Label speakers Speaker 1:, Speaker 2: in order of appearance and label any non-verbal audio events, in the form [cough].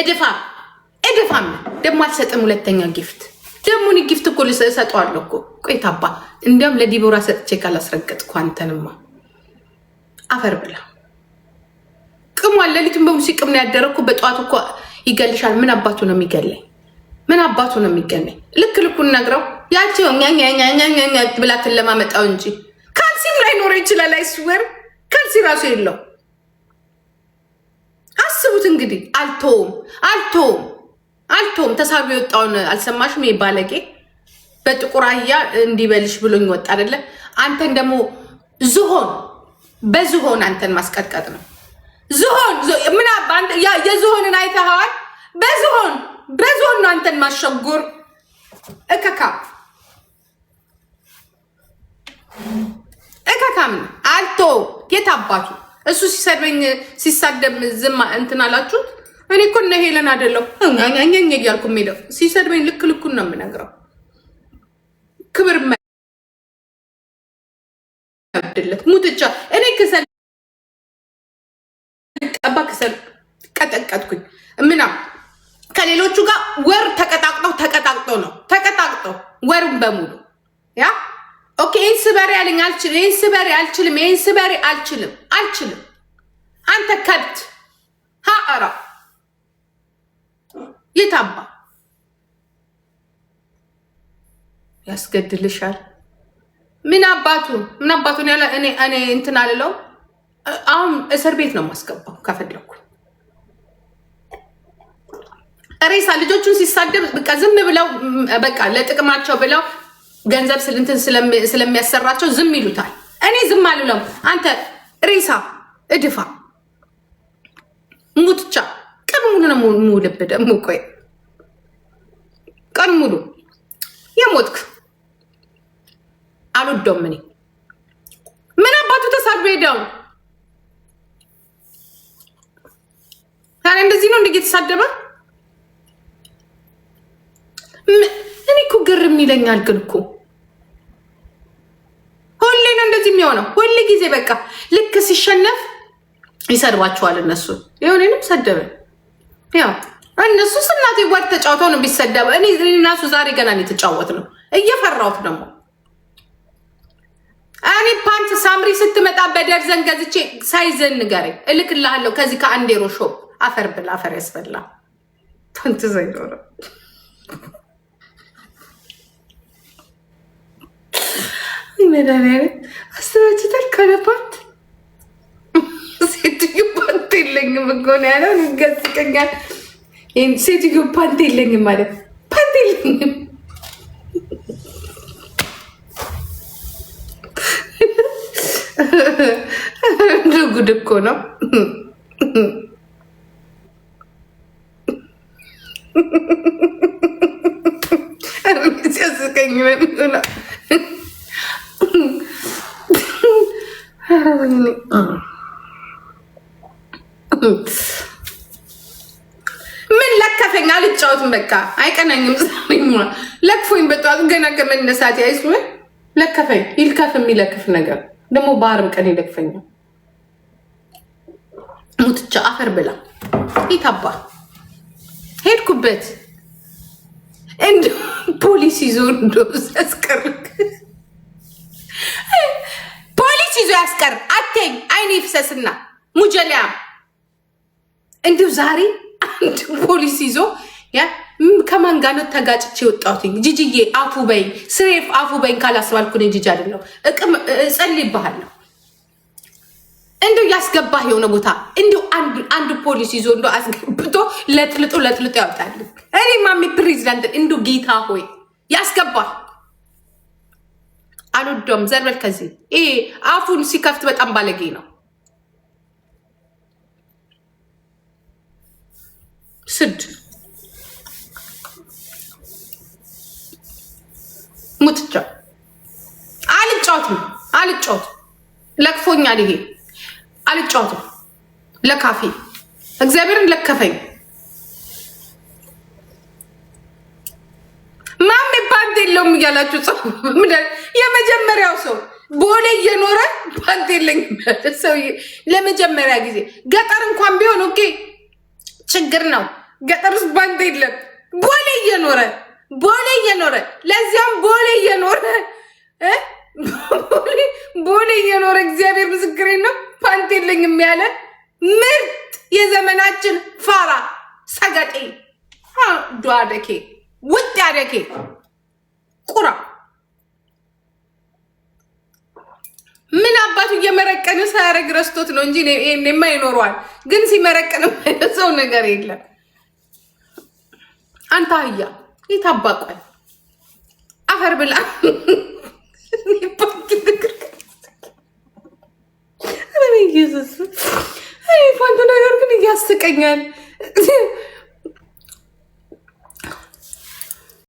Speaker 1: እድፋ እድፋም ደግሞ አልሰጥም። ሁለተኛ ጊፍት ደግሞ እኔ ጊፍት እኮ ልሰጠዋለሁ እኮ ቆይታ እንዲያውም ለዲቦራ ሰጥቼ ካላስረገጥኩ አንተንማ አፈር ብላ ቅሟል። ሌሊቱን በሙሉ ሲቅም ነው ያደረግኩ። በጠዋት እኮ ይገልሻል። ምን አባቱ ነው የሚገለኝ? ምን አባቱ ነው የሚገለኝ? ልክ ልኩን ነግረው ያቸው ብላትን ለማመጣው እንጂ ካልሲም ላይኖረው ይችላል። አይስወር ካልሲ ራሱ የለው አስቡት እንግዲህ አልቶም አልቶም አልቶም ተሳቢ የወጣውን አልሰማሽም? ይሄ ባለጌ በጥቁር አህያ እንዲበልሽ ብሎኝ ወጣ አይደለ? አንተን ደግሞ ዝሆን በዝሆን አንተን ማስቀጥቀጥ ነው። ዝሆን ምን የዝሆንን አይተኸዋል? በዝሆን በዝሆን ነው አንተን ማሸጉር እከካ እከካም አልቶ የት አባቱ እሱ ሲሰድበኝ ሲሳደብ ዝም እንትን አላችሁት። እኔ እኮ እነ ሄለን አይደለሁ እኛኛ እያልኩ የሚለው ሲሰድበኝ ልክ ልኩን ነው የምነግረው። ክብር መድለት ሙትቻ እኔ ክሰል ቀባ ክሰል ቀጠቀጥኩኝ ምና ከሌሎቹ ጋር ወር ተቀጣቅጠው ተቀጣቅጠው ነው ተቀጣቅጠው ወርም በሙሉ ያ ኦኬ። ይህን ስበሬ ያለኝ አልችልም። ይህን ስበሬ አልችልም። ይህን ስበሬ አልችልም አልችልም። አንተ ከብት ሀአራ የታባ ያስገድልሻል። ምን አባቱ ምን አባቱን ያለ እኔ እንትን አልለው። አሁን እስር ቤት ነው የማስገባው ከፈለኩ ሬሳ ልጆቹን ሲሳደብ በቃ ዝም ብለው በቃ ለጥቅማቸው ብለው ገንዘብ ስለሚያሰራቸው ዝም ይሉታል። እኔ ዝም አልለው አንተ ሬሳ እድፋ ሙትቻ ቀን ሙሉ ነው የምውልብ። ደግሞ ቆይ ቀን ሙሉ የሞትክ አልወደውም እኔ። ምን አባቱ ተሳዶ ሄዳው እንደዚህ ነው እንደ የተሳደበ እኔ እኮ ግርም ይለኛል ግን እኮ የሚሆነው ሁል ጊዜ በቃ ልክ ሲሸነፍ ይሰድባቸዋል። እነሱ የሆኔንም ሰደበ ያው እነሱ ስናት ጓድ ተጫውተው ነው ቢሰደበ እኔ እናሱ ዛሬ ገና የተጫወት ነው እየፈራሁት ደግሞ እኔ ፓንት ሳምሪ ስትመጣ በደርዘን ገዝቼ ሳይዘን ንገረኝ እልክልሃለሁ። ከዚህ ከአንዴሮ ሾፕ አፈር ብላ አፈር ያስበላ ቶንት ዘይኖረ መድኃኒዓለም አስተራችታል ከለባት ሴትዮ ፓንት የለኝም እኮ ነው ያለው። ይገዝቀኛል። ሴትዮ ፓንት የለኝም ማለት ፓንት የለኝም ጉድ እኮ ነው። ሲያስቀኝ ነው ምን ለከፈኝ? አልጫወትም በቃ አይቀናኝም። ዛሬማ ለክፎኝ በጠዋት ገና ከመነሳት ለከፈኝ። ይልከፍ የሚለክፍ ነገር ደግሞ በአርብ ቀን ይለክፈኛል። ሙትቻ አፈር ብላ ይታባ ሄድኩበት እንደ ፖሊስ ይዞ እንደ ያስቀር ይፍሰስና ሙጀሊያ እንዲሁ ዛሬ አንድ ፖሊስ ይዞ ከማን ጋር ነው ጅጅዬ የወጣሁትኝ? ጂጂዬ አፉ በይኝ፣ ስሬፍ አፉ በይኝ ካላስባልኩኝ ጂጂ አይደለሁ እቅም እጸልይብሃለሁ። እንዲሁ ያስገባህ የሆነ ቦታ እንዲሁ አንድ ፖሊስ ይዞ እንዲ አስገብቶ ለጥልጦ ለጥልጦ ያወጣል። እኔ ማሚ ፕሬዚዳንት እንዲሁ ጌታ ሆይ ያስገባ አልወደውም። ዘርበል ከዚህ ይሄ አፉን ሲከፍት በጣም ባለጌ ነው። ስድ ሙትቻ አልጫወትም፣ አልጫወትም። ለክፎኛል፣ ይሄ አልጫወትም። ለካፌ እግዚአብሔርን ለከፈኝ። ማሜ ፓንት የለውም እያላችሁ ጽ [laughs] የመጀመሪያው ሰው በሆነ እየኖረ ፓንት የለኝም ሰውዬ ለመጀመሪያ ጊዜ ገጠር እንኳን ቢሆን ኦኬ ችግር ነው። ገጠር ውስጥ ባንዳ የለም። ቦሌ እየኖረ ቦሌ እየኖረ ለዚያም ቦሌ እየኖረ ቦሌ እየኖረ እግዚአብሔር ምስክሬ ነው። ፓንት የለኝም ያለ ምርጥ የዘመናችን ፋራ ሰገጤ ዷደኬ ውጥ ያደኬ ቁራ ምን አባቱ እየመረቀን ሳያረግ ረስቶት ነው እንጂ ይሄማ ይኖረዋል። ግን ሲመረቀን [laughs] ሰው ነገር የለም። አንተ አህያ ይታባቋል አፈር ብላ ኢየሱስ ፋንቱ ነገር ግን እያስቀኛል።